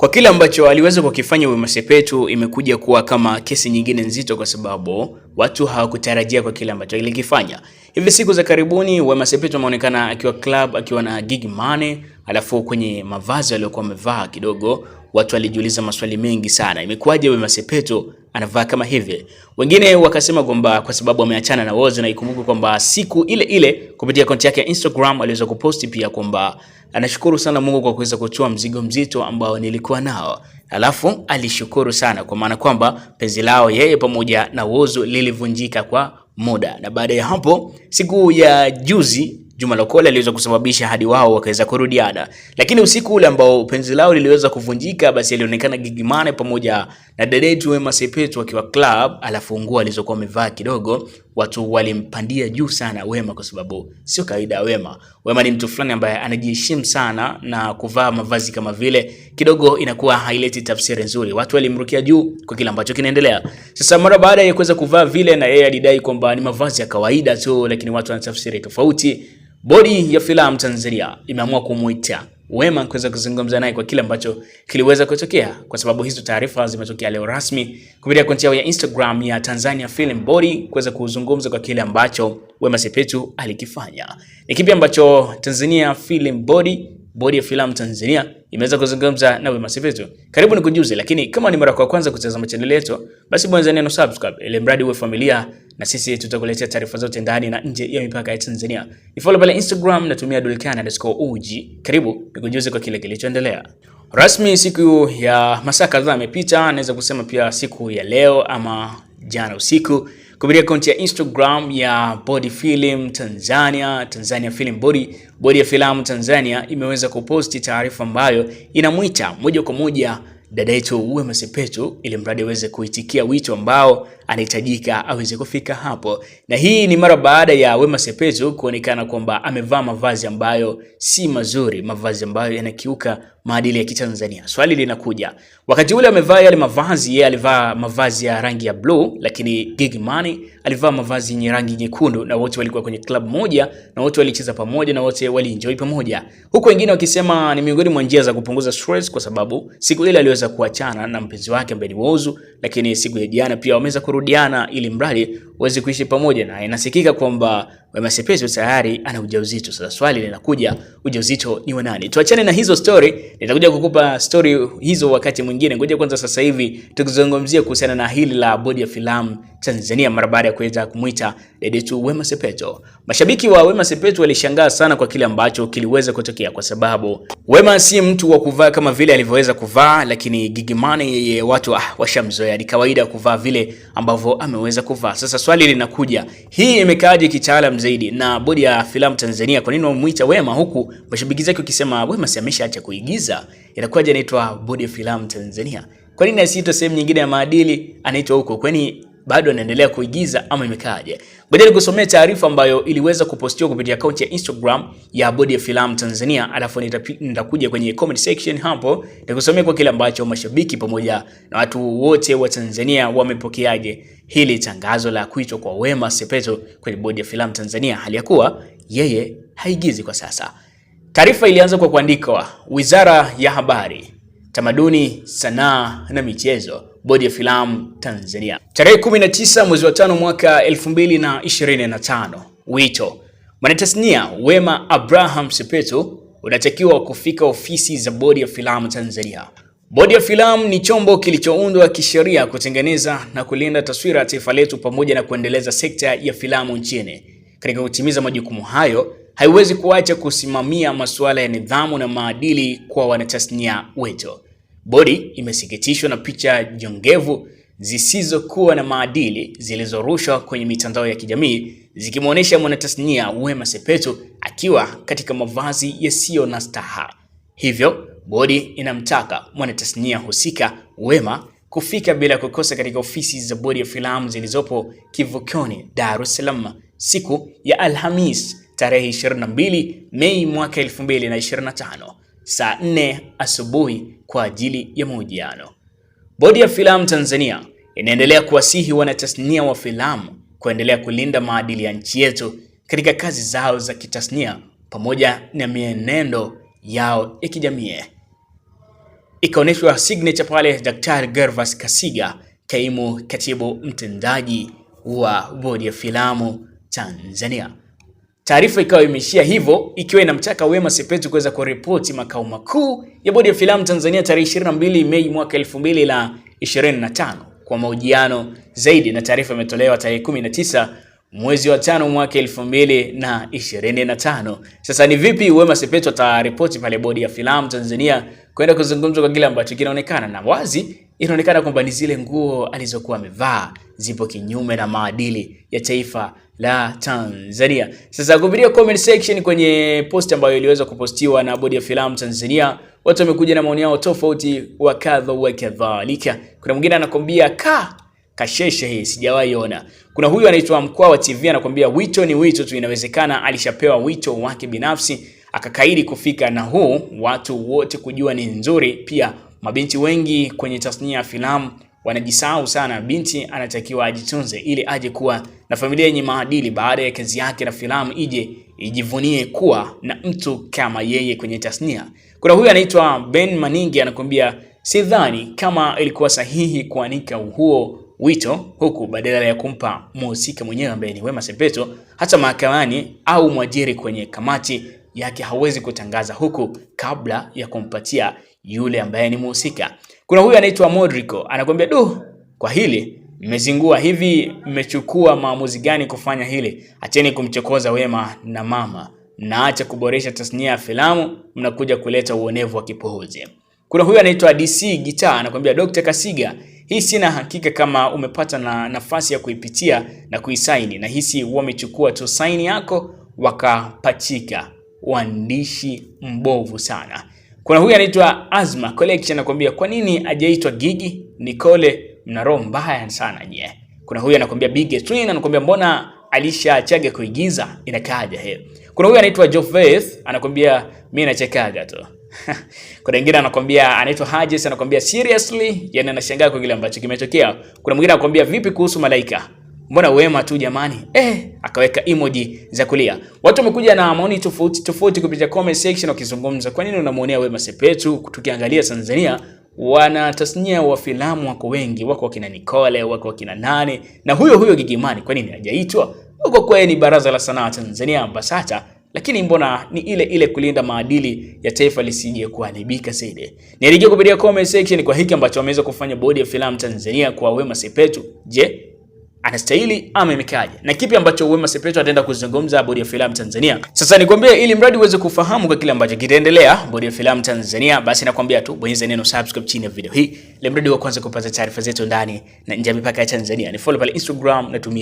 Kwa kile ambacho aliweza kukifanya Wema Sepetu, imekuja kuwa kama kesi nyingine nzito, kwa sababu watu hawakutarajia kwa kile ambacho alikifanya. Hivi siku za karibuni, Wema Sepetu ameonekana akiwa club akiwa na gig money, alafu kwenye mavazi aliyokuwa amevaa kidogo, watu walijiuliza maswali mengi sana, imekuwaje Wema Sepetu anavaa kama hivi. Wengine wakasema kwamba kwa sababu ameachana na Whozu, na ikumbuke kwamba siku ile ile kupitia akaunti yake ya Instagram aliweza kuposti pia kwamba anashukuru sana Mungu kwa kuweza kutoa mzigo mzito ambao nilikuwa nao. Alafu alishukuru sana kwa maana kwamba penzi lao yeye pamoja na Whozu lilivunjika kwa muda, na baada ya hapo siku ya juzi Juma Lokole aliweza kusababisha hadi wao wakaweza kurudiana, lakini usiku ule ambao penzi lao liliweza kuvunjika, basi alionekana Gigimane pamoja na Dedetu Wema Sepetu wakiwa club, alafu nguo alizokuwa amevaa kidogo watu walimpandia juu sana Wema kwa sababu sio kawaida ya Wema. Wema ni mtu fulani ambaye anajiheshimu sana na kuvaa mavazi kama vile kidogo inakuwa haileti tafsiri nzuri. Watu walimrukia juu kwa kile ambacho kinaendelea. Sasa mara baada ya kuweza kuvaa vile, na yeye alidai kwamba ni mavazi ya kawaida tu, lakini watu wanatafsiri tofauti. Bodi ya filamu Tanzania imeamua kumuita Wema kuweza kuzungumza naye kwa kile ambacho kiliweza kutokea, kwa sababu hizo taarifa zimetokea leo rasmi kupitia akaunti yao ya Instagram ya Tanzania Film Board kuweza kuzungumza kwa kile ambacho Wema Sepetu alikifanya. Ni kipi ambacho Tanzania Film Board Bodi ya Filamu Tanzania imeweza kuzungumza na Wema Sepetu. Karibu ni kujuze, lakini kama ni mara yako ya kwanza kutazama channel yetu, basi bonyeza neno subscribe ili mradi uwe familia na sisi tutakuletea taarifa zote ndani na nje ya mipaka ya Tanzania. Nifollow pale Instagram natumia dulkana_ug. Karibu nikujuze kwa kile kilichoendelea. Rasmi siku ya masaa kadhaa amepita naweza kusema pia siku ya leo ama jana usiku kupitia akaunti ya Instagram ya Body Film Tanzania, Tanzania Film Body, Bodi ya Filamu Tanzania imeweza kuposti taarifa ambayo inamwita moja kwa moja dada yetu Wema Sepetu ili mradi aweze kuitikia wito ambao anahitajika aweze kufika hapo, na hii ni mara baada ya Wema Sepetu kuonekana kwamba amevaa mavazi ambayo si mazuri, mavazi ambayo yanakiuka maadili ya Kitanzania. Swali linakuja, wakati ule amevaa yale mavazi, yeye alivaa mavazi ya rangi ya blue, lakini Gigy Money alivaa mavazi yenye rangi nyekundu, na wote walikuwa kwenye club moja, na wote walicheza pamoja, na wote walienjoy pamoja, huku wengine wakisema ni miongoni mwa njia za kupunguza stress, kwa sababu siku ile aliweza kuachana na mpenzi wake ambaye ni Whozu, lakini siku ya jana pia wameweza kurudi kurudiana, ili mradi waweze kuishi pamoja, na inasikika kwamba Wema Sepetu tayari ana ujauzito. Sasa swali linakuja, ujauzito ni wa nani? Tuachane na hizo story, nitakuja kukupa story hizo wakati mwingine. Ngoja kwanza, sasa hivi tukizungumzia kuhusiana na hili la bodi ya filamu Tanzania mara baada ya kuweza kumwita dedetu Wema Sepetu. Mashabiki wa Wema Sepetu walishangaa sana kwa kile ambacho kiliweza kutokea, kwa sababu Wema si mtu wa kuvaa kama vile alivyoweza kuvaa, lakini Gigy Money yeye watu ah, washamzoea, ni kawaida kuvaa vile ambavyo ameweza kuvaa. Sasa swali linakuja, hii imekaaje kitaalam zaidi na bodi ya filamu Tanzania? Kwa nini wamuita Wema huku mashabiki zake wakisema Wema si ameshaacha kuigiza? Inakuwaje anaitwa bodi ya filamu Tanzania? Kwa nini asiitwe sehemu nyingine ya maadili, anaitwa huko? Kwani bado anaendelea kuigiza ama imekaaje? Baada kusomea taarifa ambayo iliweza kupostiwa kupitia akaunti ya Instagram ya Bodi ya Filamu Tanzania, alafu nitakuja kwenye comment section hapo nikusomea kwa kile ambacho mashabiki pamoja na watu wote wa Tanzania wamepokeaje hili tangazo la kuitwa kwa Wema Sepetu kwenye Bodi ya Filamu Tanzania, hali ya kuwa yeye haigizi kwa sasa. Taarifa ilianza kwa kuandikwa Wizara ya Habari, Tamaduni, Sanaa na Michezo bodi ya filamu Tanzania. Tarehe 19 mwezi wa tano mwaka 2025. Wito mwanatasnia Wema Abraham Sepetu unatakiwa kufika ofisi za bodi ya filamu Tanzania. Bodi ya filamu ni chombo kilichoundwa kisheria kutengeneza na kulinda taswira ya taifa letu pamoja na kuendeleza sekta ya filamu nchini. Katika kutimiza majukumu hayo, haiwezi kuacha kusimamia masuala ya nidhamu na maadili kwa wanatasnia wetu. Bodi imesikitishwa na picha jongevu zisizokuwa na maadili zilizorushwa kwenye mitandao ya kijamii zikimwonyesha mwanatasnia Wema Sepetu akiwa katika mavazi yasiyo na staha. Hivyo bodi inamtaka mwanatasnia husika Wema kufika bila kukosa katika ofisi za bodi ya filamu zilizopo Kivukoni, Dar es Salaam siku ya Alhamis tarehe 22 Mei mwaka 2025 saa 4 asubuhi kwa ajili ya mahojiano. Bodi ya Filamu Tanzania inaendelea kuwasihi wanatasnia wa filamu kuendelea kulinda maadili ya nchi yetu katika kazi zao za kitasnia pamoja na mienendo yao ya kijamii. Ikaonyeshwa signature pale Daktari Gervas Kasiga, kaimu katibu mtendaji wa Bodi ya Filamu Tanzania. Taarifa ikawa imeishia hivyo, ikiwa inamtaka Wema Sepetu kuweza kuripoti makao makuu ya Bodi ya Filamu Tanzania tarehe 22 Mei mwaka 2025 kwa mahojiano zaidi, na taarifa imetolewa tarehe 19 mwezi wa tano mwaka elfu mbili na ishirini na tano. Sasa ni vipi Wema Sepetu ataripoti pale bodi ya filamu Tanzania kwenda kuzungumzwa kwa kile ambacho kinaonekana na wazi, inaonekana kwamba ni zile nguo alizokuwa amevaa zipo kinyume na maadili ya taifa la Tanzania. Sasa kupitia comment section kwenye post ambayo iliweza kupostiwa na bodi ya filamu Tanzania, watu wamekuja na maoni yao tofauti wa kadha wa kadhalika. Kuna mwingine anakwambia ka Kasheshe hii sijawahi ona. Kuna huyu anaitwa mkoa wa TV anakuambia wito ni wito tu, inawezekana alishapewa wito wake binafsi akakaidi kufika, na huu watu wote kujua ni nzuri. Pia mabinti wengi kwenye tasnia ya filamu wanajisahau sana. Binti anatakiwa ajitunze ili aje kuwa na familia yenye maadili, baada ya kazi yake na filamu ije ijivunie kuwa na mtu kama yeye kwenye tasnia. Kuna huyu anaitwa Ben Maningi anakuambia sidhani kama ilikuwa sahihi kuanika huo wito, huku badala ya kumpa mhusika mwenyewe ambaye ni Wema Sepetu hata mahakamani au mwajiri kwenye kamati yake hawezi kutangaza huku kabla ya kumpatia yule ambaye ni mhusika. Kuna huyu anaitwa Modrico anakuambia, du, kwa hili mmezingua hivi, mmechukua maamuzi gani kufanya hili? Acheni kumchokoza Wema na mama na acha kuboresha tasnia ya filamu, mnakuja kuleta uonevu wa kipuuzi. Kuna huyu anaitwa DC Gitaa anakuambia, Dr. Kasiga hii sina hakika kama umepata na nafasi ya kuipitia na kuisaini, na hisi wamechukua tu saini yako wakapachika uandishi mbovu sana. Kuna huyu anaitwa Azma Collection anakuambia kwa nini ajaitwa Gigi Nicole, mna roho mbaya sana nye Kuna huyu anakuambia Big Twin anakuambia mbona alishachaga kuigiza inakaaja he. Kuna huyu anaitwa Joveth anakuambia mimi nachekaga tu. kuna mwingine anakuambia anaitwa Hajes anakuambia seriously, yani anashangaa kwa kile ambacho kimetokea. Kuna mwingine anakuambia vipi kuhusu malaika, mbona wema tu jamani, eh, akaweka emoji za kulia. Watu wamekuja na maoni tofauti tofauti kupitia comment section wakizungumza, kwa nini unamuonea Wema Sepetu? Tukiangalia Tanzania wana tasnia wa filamu wako wengi, wako wakina Nicole, wako wakina nani, na huyo huyo Gigimani, kwa nini hajaitwa? Huko kwa ni Baraza la Sanaa Tanzania, Ambasata lakini mbona ni ile ile kulinda maadili ya taifa lisije kuharibika zaidi. Nirejee kupitia comment section kwa hiki ambacho wameweza kufanya bodi ya filamu Tanzania kwa Wema Sepetu. Je, anastahili ama imekaje? Na kipi ambacho Wema Sepetu ataenda kuzungumza bodi ya filamu Tanzania? Sasa nikwambia, ili mradi uweze kufahamu kwa kile ambacho kitaendelea bodi ya filamu Tanzania, basi nakwambia tu bonyeza neno subscribe chini ya video hii, ili mradi wa kwanza kupata taarifa zetu ndani na nje ya mipaka ya Tanzania. Ni follow pale Instagram natumia